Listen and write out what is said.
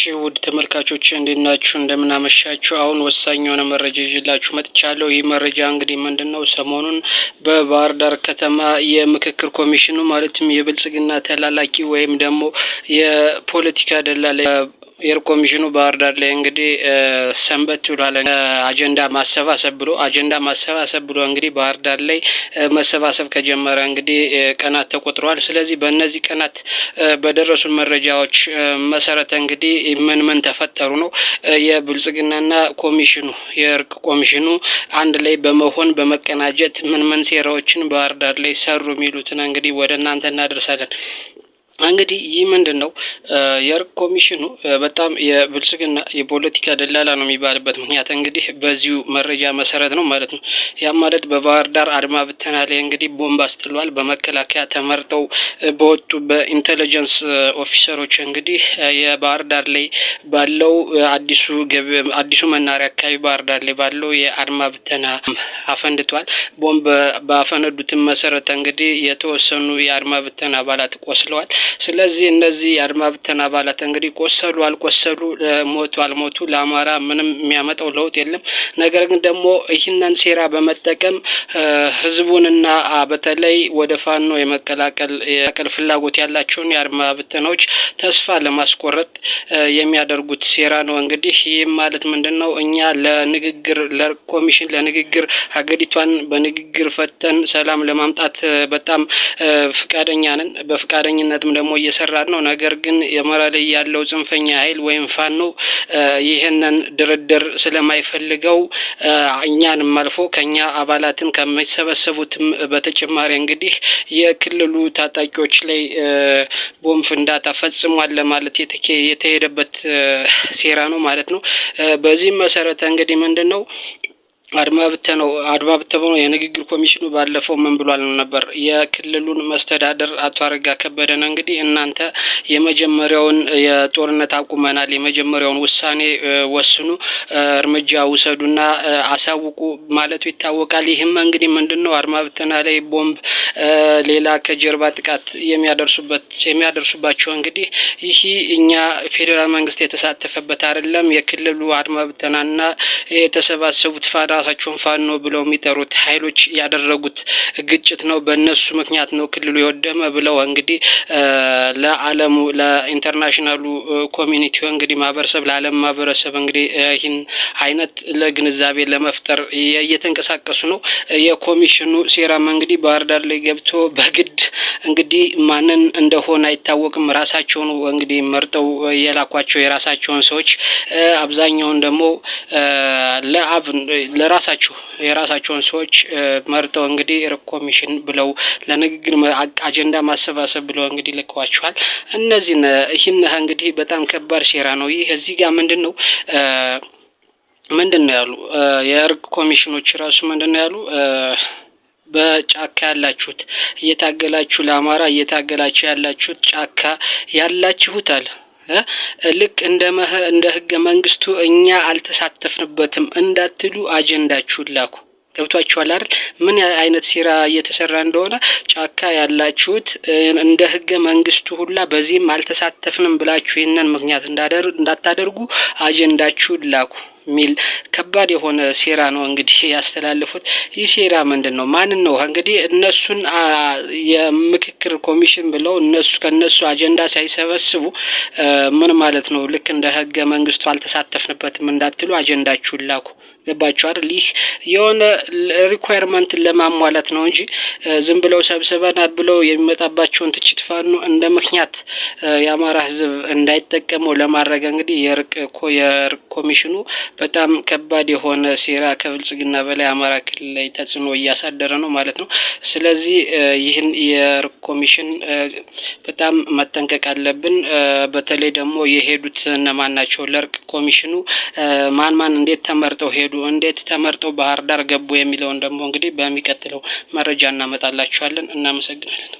ይላችሁ ውድ ተመልካቾች እንዴት እንደምናመሻችሁ አሁን ወሳኝ የሆነ መረጃ ይዤላችሁ መጥቻለሁ። ይህ መረጃ እንግዲህ ምንድን ነው? ሰሞኑን በባህር ዳር ከተማ የምክክር ኮሚሽኑ ማለትም የብልጽግና ተላላኪ ወይም ደግሞ የፖለቲካ ደላላ የእርቅ ኮሚሽኑ ባህር ዳር ላይ እንግዲህ ሰንበት ይውላል አጀንዳ ማሰባሰብ ብሎ አጀንዳ ማሰባሰብ ብሎ እንግዲህ ባህር ዳር ላይ መሰባሰብ ከጀመረ እንግዲህ ቀናት ተቆጥረዋል። ስለዚህ በእነዚህ ቀናት በደረሱን መረጃዎች መሰረተ እንግዲህ ምን ምን ተፈጠሩ ነው የብልጽግናና ኮሚሽኑ የእርቅ ኮሚሽኑ አንድ ላይ በመሆን በመቀናጀት ምን ምን ሴራዎችን ባህር ዳር ላይ ሰሩ የሚሉትን እንግዲህ ወደ እናንተ እናደርሳለን። እንግዲህ ይህ ምንድን ነው የእርቅ ኮሚሽኑ በጣም የብልጽግና የፖለቲካ ደላላ ነው የሚባልበት ምክንያት እንግዲህ በዚሁ መረጃ መሰረት ነው ማለት ነው። ያም ማለት በባህር ዳር አድማ ብተና ላይ እንግዲህ ቦምብ አስጥሏል። በመከላከያ ተመርጠው በወጡ በኢንቴሊጀንስ ኦፊሰሮች እንግዲህ የባህር ዳር ላይ ባለው አዲሱ አዲሱ መናሪያ አካባቢ ባህር ዳር ላይ ባለው የአድማ ብተና አፈንድቷል። ቦምብ ባፈነዱትም መሰረት እንግዲህ የተወሰኑ የአድማ ብተና አባላት ቆስለዋል። ስለዚህ እነዚህ የአድማ የካፒቴን አባላት እንግዲህ ቆሰሉ አልቆሰሉ፣ ሞቱ አልሞቱ ለአማራ ምንም የሚያመጣው ለውጥ የለም። ነገር ግን ደግሞ ይህንን ሴራ በመጠቀም ህዝቡንና በተለይ ወደ ፋኖ የመቀላቀል ፍላጎት ያላቸውን የአድማ ብተናዎች ተስፋ ለማስቆረጥ የሚያደርጉት ሴራ ነው። እንግዲህ ይህም ማለት ምንድን ነው? እኛ ለንግግር ለኮሚሽን ለንግግር ሀገሪቷን በንግግር ፈተን ሰላም ለማምጣት በጣም ፍቃደኛ ነን። በፍቃደኝነትም ደግሞ እየሰራን ነው። ነገር ግን የመራ ላይ ያለው ጽንፈኛ ኃይል ወይም ፋኖ ይህንን ድርድር ስለማይፈልገው እኛንም አልፎ ከኛ አባላትን ከሚሰበሰቡትም በተጨማሪ እንግዲህ የክልሉ ታጣቂዎች ላይ ቦምብ ፍንዳታ ፈጽሟል ለማለት የተሄደበት ሴራ ነው ማለት ነው። በዚህም መሰረተ እንግዲህ ምንድን ነው አድማ ነው አድማ ነው የንግግር ኮሚሽኑ ባለፈው ምን ብሏል ነበር? የክልሉን መስተዳደር አቶ አረጋ ከበደን እንግዲህ እናንተ የመጀመሪያውን የጦርነት አቁመናል፣ የመጀመሪያውን ውሳኔ ወስኑ፣ እርምጃ ውሰዱና አሳውቁ ማለቱ ይታወቃል። ይህም እንግዲህ ምንድን ነው አድማ ብተና ላይ ቦምብ፣ ሌላ ከጀርባ ጥቃት የሚያደርሱበት የሚያደርሱባቸው እንግዲህ ይህ እኛ ፌዴራል መንግስት የተሳተፈበት አይደለም። የክልሉ አድማ ብተናና የተሰባሰቡት ፋዳ ራሳቸውን ፋኖ ብለው የሚጠሩት ኃይሎች ያደረጉት ግጭት ነው። በእነሱ ምክንያት ነው ክልሉ የወደመ ብለው እንግዲህ ለዓለሙ ለኢንተርናሽናሉ ኮሚኒቲ እንግዲህ ማህበረሰብ ለዓለም ማህበረሰብ እንግዲህ ይህን አይነት ለግንዛቤ ለመፍጠር እየተንቀሳቀሱ ነው። የኮሚሽኑ ሴራም እንግዲህ ባህር ዳር ላይ ገብቶ በግድ እንግዲህ ማንን እንደሆነ አይታወቅም። ራሳቸውን እንግዲህ መርጠው የላኳቸው የራሳቸውን ሰዎች አብዛኛውን ደግሞ ለአብ የራሳችሁ የራሳቸውን ሰዎች መርጠው እንግዲህ ኮሚሽን ብለው ለንግግር አጀንዳ ማሰባሰብ ብለው እንግዲህ ልከዋችኋል። እነዚህ ይህን እንግዲህ በጣም ከባድ ሴራ ነው። ይህ እዚህ ጋር ምንድን ነው ምንድን ነው ያሉ የእርግ ኮሚሽኖች ራሱ ምንድን ነው ያሉ በጫካ ያላችሁት እየታገላችሁ ለአማራ እየታገላችሁ ያላችሁት ጫካ ያላችሁት አለ ልክ እንደ ህገ መንግስቱ እኛ አልተሳተፍንበትም እንዳትሉ አጀንዳችሁን ላኩ። ገብቷችኋል አይደል? ምን አይነት ሴራ እየተሰራ እንደሆነ ጫካ ያላችሁት እንደ ህገ መንግስቱ ሁላ በዚህም አልተሳተፍንም ብላችሁ ይህንን ምክንያት እንዳታደርጉ አጀንዳችሁን ላኩ። የሚል ከባድ የሆነ ሴራ ነው እንግዲህ ያስተላለፉት። ይህ ሴራ ምንድን ነው? ማንን ነው እንግዲህ እነሱን የምክክር ኮሚሽን ብለው እነሱ ከነሱ አጀንዳ ሳይሰበስቡ ምን ማለት ነው? ልክ እንደ ህገ መንግስቱ አልተሳተፍንበትም እንዳትሉ አጀንዳችሁን ላኩ ገባቸዋል። ይህ የሆነ ሪኳየርመንት ለማሟላት ነው እንጂ ዝም ብለው ሰብስበናል ብለው የሚመጣባቸውን ትችት ፋኖ እንደ ምክንያት የአማራ ህዝብ እንዳይጠቀመው ለማድረግ እንግዲህ የእርቅ የእርቅ ኮሚሽኑ በጣም ከባድ የሆነ ሴራ ከብልጽግና በላይ አማራ ክልል ላይ ተጽዕኖ እያሳደረ ነው ማለት ነው። ስለዚህ ይህን የእርቅ ኮሚሽን በጣም መጠንቀቅ አለብን። በተለይ ደግሞ የሄዱት እነማን ናቸው? ለእርቅ ኮሚሽኑ ማን ማን እንዴት ተመርጠው ሄዱ? እንዴት ተመርጠው ባህር ዳር ገቡ የሚለውን ደግሞ እንግዲህ በሚቀጥለው መረጃ እናመጣላችኋለን። እናመሰግናለን።